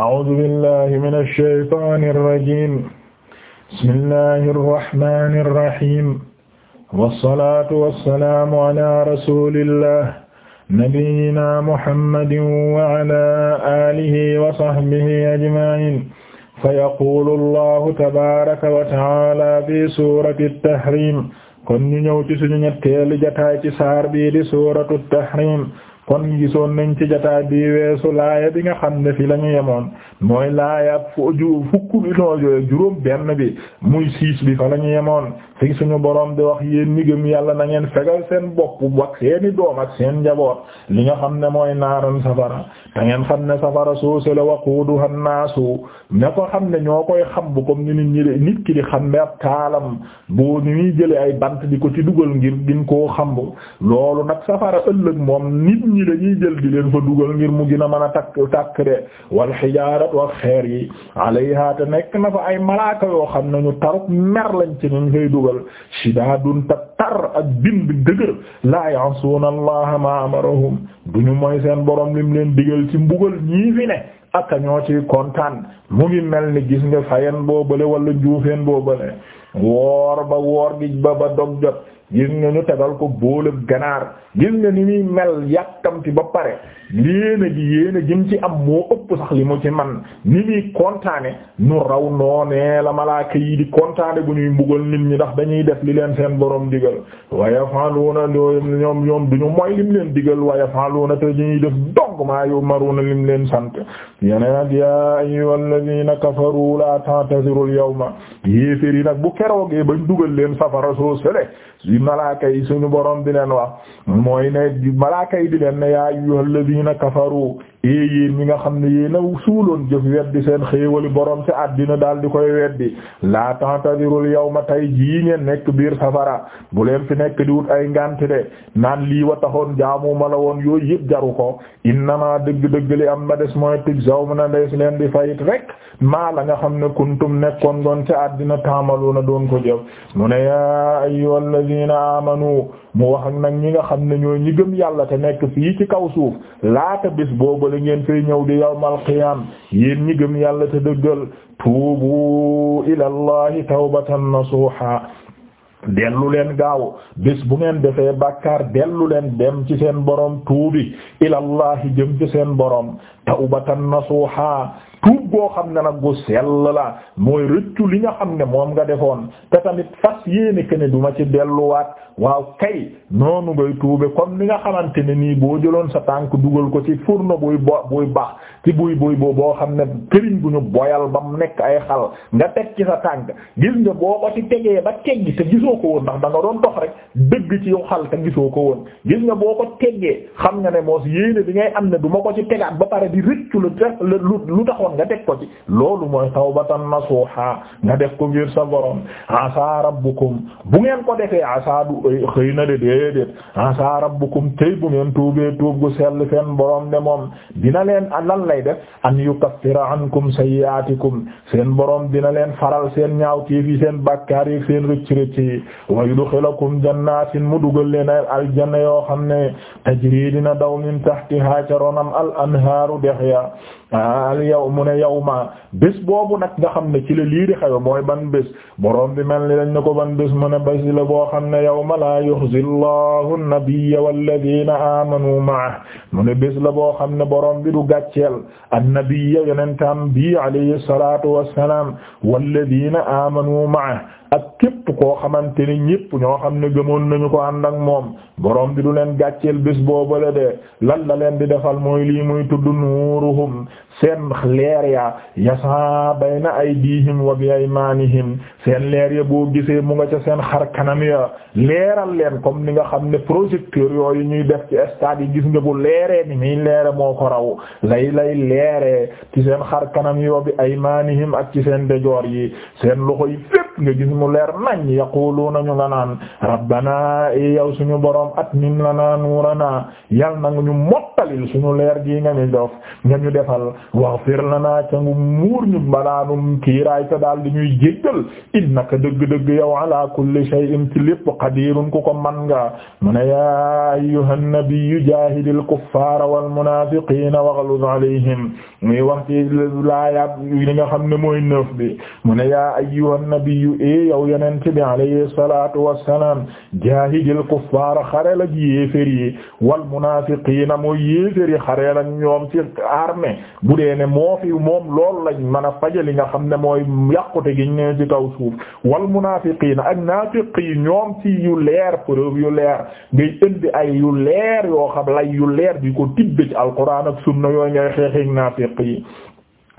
a'uuzu billahi mina shaytaani rajiim bismillahi rahmaani rahiim wassalaatu wassalaamu alaa rasuulillah nabiyyinaa muhammadin wa alaa aalihi wa sahbihi ajma'iin fayaquulu allahu tabaaraka wa ta'aalaa fi suurati tahriim kon ñu ñëw ci suñu ñetteelu jotaay ci saar bii di suuratu tahriim kon soon nañ ci jotaay bi weesu laaya bi nga xam ne fi la yemoon mooy laaya fukk bi noo juróom benn bi muy siis bi fa la ñu yemoon fi suñu boroom di wax yéen ñi yàlla na ngeen fegal seen bopp ak seeni doom ak seen njaboot li nga xam ne mooy naaran safara te ngeen xam ne safara soose la waquuduha naasu ne ko xam ne ñoo koy xam bu comme ni nit ki di xam ne ab taalam boo ñuy jële ay bant di ko ci dugal ngir gin koo xam loolu nag safara ëllëg moom nit ñi dañuy jël di leen fa dugal ngir mu gën a mën a takk takkre wal xijaarat wax xeer yi alayha te nekk na fa ay malaaka yoo xam ne ñu taruk mer lañ ci ñu fay dugal shidaadun ta tar ak bind dëgër laa ya'suuna allaha ma amarahum duñu mooy seen borom lim leen digal ci mbugal ñii fi ne aka ñoo ci kontaan mu ngi mel ni gis nga fayen boobale wala njuufeen boobale woor ba woor gi ba ba dog jot gis nga ñu tegal ko bóolëb ganaar gis nga ni muy mel yàkkamti ba pare yéen a gi yéen ci am moo ëpp sax li mu ci man ni muy kontaane nu raw noonee la malaaka yi di kontaane bu ñuy mbugal nit ñi ndax dañuy def li leen seen borom digal wa yafaaluuna ñoom ñoom duñu mooy lim leen digal wa yafaaluuna te ñuy def dong maa yumaruuna lim leen sant yeneen yaa ayyuhal ladina kafaru la ta'tazirul yawma yéeféer yi nag bu keroogee bañ dugal leen safara soo sele si suñu borom di leen wax mooy ne malaaka di leen ne yaa ayyuhal alladhina kafaru ee yéen ñi nga xam ne yii na suuloon jëf weddi seen xéewali borom ci àddina daal di koy weddi laa tantadirul ma tey jii ngeen nekk biir safara bu leen fi nekk di wut ay ngànti de naan lii wa taxoon jaamuma la woon yooyu yëpp jaru ko innama dëgg-dëgg li am ma des mooy tujzaw na ndees leen di fayit rek maa la nga xam ne kuntum nekkoon doon ci àddina taamalu na doon ko jëf mu ne yaa ayyuhal ladina amanu mu wax ak nag ñi nga xam ne ñoo ñi yàlla te nekk fii ci kaw suuf da ngeen fay ñëw di yawmal qiyaam yéen ñi gëm yàlla te dëggal tuubu ila allahi tawbatan nasuha dellu leen gaaw bés bu ngeen defee bàkkaar dellu leen dem ci seen borom tuubi ilallahi jëm ci seen borom tawbatan nasuha tuub boo xam ne nag gu sell la mooy rëccu li nga xam ne moom nga defoon te tamit fas yéene ke ne du ma ci delluwaat waaw kay noonu ngay tuube kon li nga xamante ne nii boo jëloon sa tànk dugal ko ci fourneau buy bo buy baax ci buy buy bo boo xam ne këriñ bu ñu boyal ba nekk ay xal nga teg ci sa tànk gis nga boo ko ci te gisoo ko woon ndax da nga doon dox rek dëgg ci yow xal te gisoo ko woon gis nga boo ko teggee xam nga ne moos yéene bi ngay am ne du ma ko ci tegaat ba pare di rëccu lu lu taxoon nga teg ko ci loolu mooy tawbatan nasuha nga def ko ngir sa borom asa rabbukum bu ngeen ko defee asa du eh, xëy na bu ngeen tuubee tuub gu sell fenn borom de moom dina leen lan lay def an yukaffira ankum sayyi'atikum seen borom dina leen faral seen ñaaw téef yi seen bàkkaar yi seen rëcc rëcc yi yi wa yudxilakum jannatin mu dugal leen ay aljanna yoo xam ne tajri dina daw min tahtiha ca ronam al anhaaru dex ya al yow mu ne yow ma bés boobu nag nga xam ne ci la lii di xew mooy ban bés borom bi mel ni dañ ne ko ban bés mu ne bés la boo xam ne yawma laa yuxzi llahu nabiyya walladina amanu ma'ahu mu ne bés la boo xam ne borom bi du gàcceel annabiyya yonentam bi alayhi salatu wassalam walladina amanu ma'ahu ak képp koo xamante ne ñépp ñoo xam ne gëmoon nañu ko ànd ak moom borom bi du leen gàcceel bés boobu la de lan la leen di defal mooy lii muy tudd nuuruhum seen leer ya yasa bayna aydihim wa bi aymanihim seen leer ya boo gisee mu nga ca seen xar kanam ya leeral leen comme ni nga xam ne projecteur yooyu ñuy def ci stade yi gis nga bu leeree ni muy leere moo ko raw lay lay leere ci seen xar kanam yi wa bi aymanihim ak ci seen dejoor yi seen loxo yi fépp nga gis mu leer nañ yaquluna ñu nga naan rabbana eh, yow suñu borom atmim lana nurana yal na nga ñu mottalil suñu leer gi nga ñu dof nga ñu defal defal waghfir lanaa ca ngu muur ñu mbalaanum kiiraay te daal di ñuy jéggal innaka dëgg-dëgg yow ala kulli shay'in ci lépp qadirun ku ko man nga mu ne yaa ayyuhan nabiyyu jaahidil kuffaara wal munaafiqiina waghluz alayhim muy wax ci laayaat li nga xam ne mooy neuf bi mu ne yaa ayyuhan eh, yow yonent bi alayhi salaatu wassalaam jaahidil kuffaara xareel ak yéefér yi yi xareel ak ñoom bu dee ne moo fi moom loolu lañ mën a faje li nga xam ne mooy yàqute gi ñu ne ci kaw suuf wal munaafiqiina ak naafiq yi ñoom ci yu leer preuve yu leer ngay indi ay yu leer yoo xam lay yu leer bi ko tibbe ci alquran ak sunna yooyu ngay xeexeek naafiq yi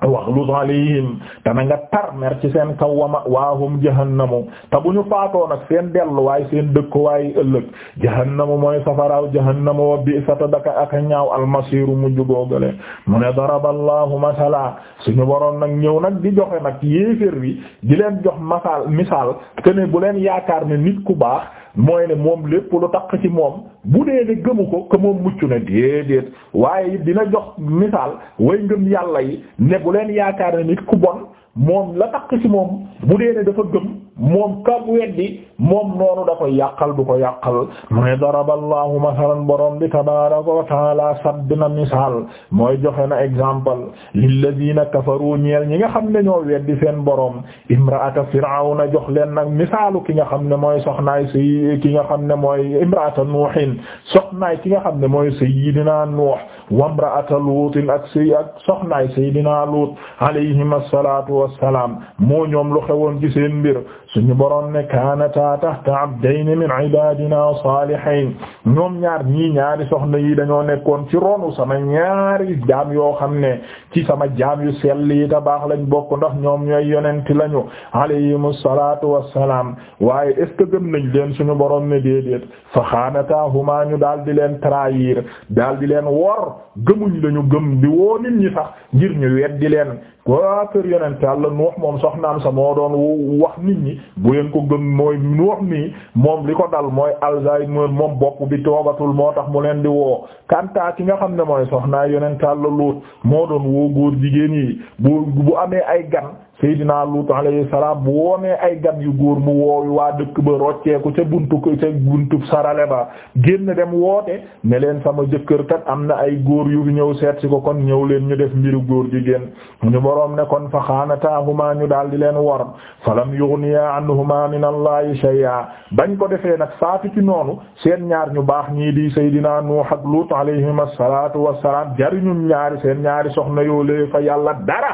waxlus alayhim te na nga tar mer ci seen kaw wama waahum jahannamu te bu ñu faatoo nag seen delluwaay seen dëkkuwaay ëllëg jahannamu mooy safaraaw jahannamu wa bi'sata daka ak ñaaw almasiru mu jugoogale mu ne daraba allahu masala suñu waroon nag ñëw nag di joxe nag yéefér bi di leen jox masal misaal kene bu leen yaakaar ne nit ku baax mooy ne moom lépp lu takk ci moom bu dee ne gëmu ko que moom mucc na déedéet waaye dina jox misaal way ngëm yàlla yi ne bu leen yaakaar na nit ku bon moom la takk ci moom bu dee ne dafa gëm moom kam weddi moom noonu da koy yàqal du ko yàqal mu ne daraballahu masalan borom bi tabaaraka wa taala saddina misaal mooy joxe na exemple lilladina kafaru ñeel ñi nga xam ne ñoo weddi seen borom imraata firawna jox leen nag misaalu ki nga xam ne mooy soxnaay si ki nga xam ne mooy imraata nuuhin soxnaay ki nga xam ne mooy sayyidina nuuh wamraata luutin ak si ak soxnaay sayyidina luut alayhim assalaatu wassalaam moo ñoom lu xewoon ci seen mbir suñu boroom ne kaanataa tahta abdayni min ibadina salihayn ñoom ñaar ñii ñaari soxna yi dañoo nekkoon ci ronu sama ñaari jaam yoo xam ne ci sama jaam yu sell yi ta baax lañ bokk ndax ñoom ñooy yonenti lañu alayhimu salaatu wassalaam waaye est-ce que gëm nañ leen suñu boroom ne déedéet fa xaanataahuma ñu daal di leen trahir daal di leen wor gëmuñ lañu gëm di woo nit ñi sax ngir ñu weddi leen waa kër yonent Yàlla Nuux moom soxnaam sa moo doon wax ñi bu leen ko gën mooy mu wax nii moom li ko dal mooy alzheimer moom bokk bi toogatul moo tax mu leen di woo kantaa ki nga xam ne mooy soxnaa yonent Yàlla Luut moo doon woo góor jigéen yi bu bu amee ay gan Seydina Lut alayhi salaam bu woonee ay gan yu góor mu woowi waa dëkk ba rocceeku ca buntu ca buntu sarale ba génn dem woote ne leen sama jëkkër kat am na ay góor yu ñëw seet si ko kon ñëw leen ñu def mbiru góor jigéen ñu boroom ne kon fa xaanataahuma ñu daal di leen war falam yughniya anhuma min allahi shay'a bañ ko defee nag saatu ci noonu seen ñaar ñu baax ñii di Seydina Nuh ak Lut alayhim assalatu wassalaam jariñu ñaari seen ñaari soxna yoo lee fa yàlla dara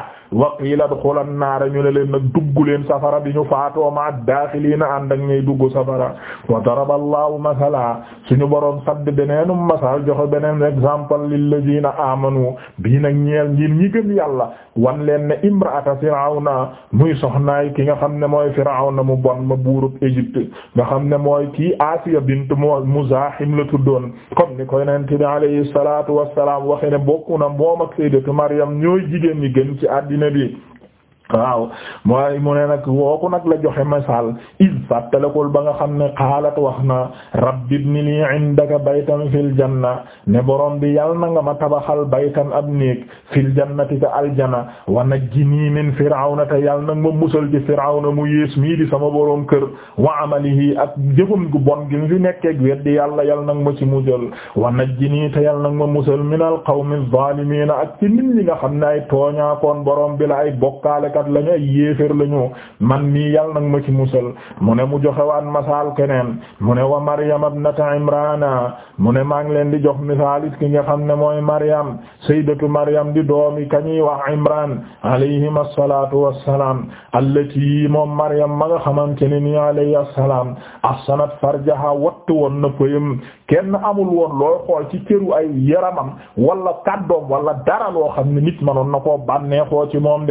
naara ñu ne leen nag dugg leen safara bi ñu faatoo ma daaxiliina ànd ak ñuy dugg safara wa daraballahu masala suñu boroom sadd beneenum masal joxe beneen exemple lilladiina amanu bii nag ñeel ngir ñi gëm yàlla wan leen ne imraata firawna muy soxnaay ki nga xam ne mooy firawna mu bon ma buurub Égypte nga xam ne mooy kii Asiya bint Muzahim la tuddoon comme ni koy nente bi alayhi salaatu wassalaam waxe ne bokku na moom ak sayyidatu Maryam ñooy jigéen ñi gën ci àddina bi waaw yi mu ne nag wooku nag la joxe masal is fàttalekul ba nga xam ne xaalat wax na rabbi ibni li indaka baytan fil janna ne borom bi yal na nga ma tabaxal baytan ab néeg fil jannati ka aljana wa najjini min firawna te yal na ma musal ci firawna mu yées mii di sama borom kër wa amalihi ak jëfam gu bon gi mu fi nekkeek weddi yàlla yal na ma ci musal wa najjini te yal na ma musal min al qawmi zaalimiina ak ci nit nga xam ne ay tooñaakoon borom bi la ay bokkaale bokkaalekat lañu ay yéeféer lañu man mii yal nag ma ci musal mu ne mu joxe waan masaal keneen mu ne wa Maryam ibnata Imrana mu ne maa ngi leen di jox misaalit ki nga xam ne mooy Maryam sayyidatu Maryam di doomi ñuy wax Imran alayhim assalaatu wassalaam allati moom Maryam ma nga xamante ne nii alayhi assalaam ahsanat farjaha wattu woon na fëyam kenn amul woon looy xool ci cëru ay yaramam wala kàddoom wala dara loo xam ne nit manoon na koo bànneexoo ci moom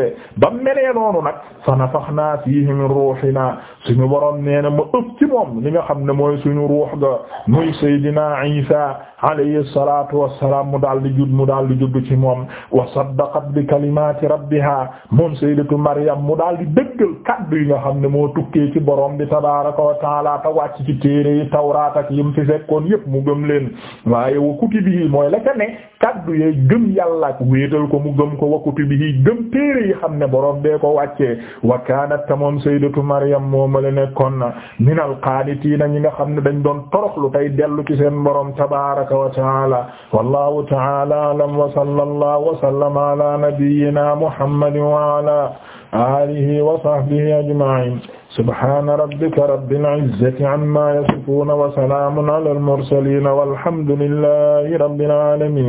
melee noonu nag fa nafaxnaa fiihi min ruuhinaa suñu borom nee na ma ëpp ci moom li nga xam ne mooy suñu ruux ga muy Seydina Isa alayhi salaatu wassalaam mu daal di judd mu daal di judd ci moom wa saddaqat bi kalimaati rabbiha moom Sayyidatu Maryam mu dal di dëggal kaddu yi nga xam ne moo tukkee ci borom bi tabaaraka wa ta'aala ta wàcc ci téere yi Tawraat ak yim fi fekkoon yépp mu gëm leen waaye wa kutubihi mooy la ka ne kaddu yee gëm yàlla wéetal ko mu dee ko wàccee wa kaanat ta moom sayyidatu maryam moomale nekkoon na minal qaanitiina ñi nga xam ne dañ doon toroxlu tay dellu ci seen borom tabaaraka wa taala wallahu taala alam wa sallallahu wa sallama ala nabiyyina muhammadin wa ala alihi wa sahbihi ajma'in subhana rabbika rabbil izzati amma yasifun wa salamun ala al mursalin walhamdulillahi rabbil alamin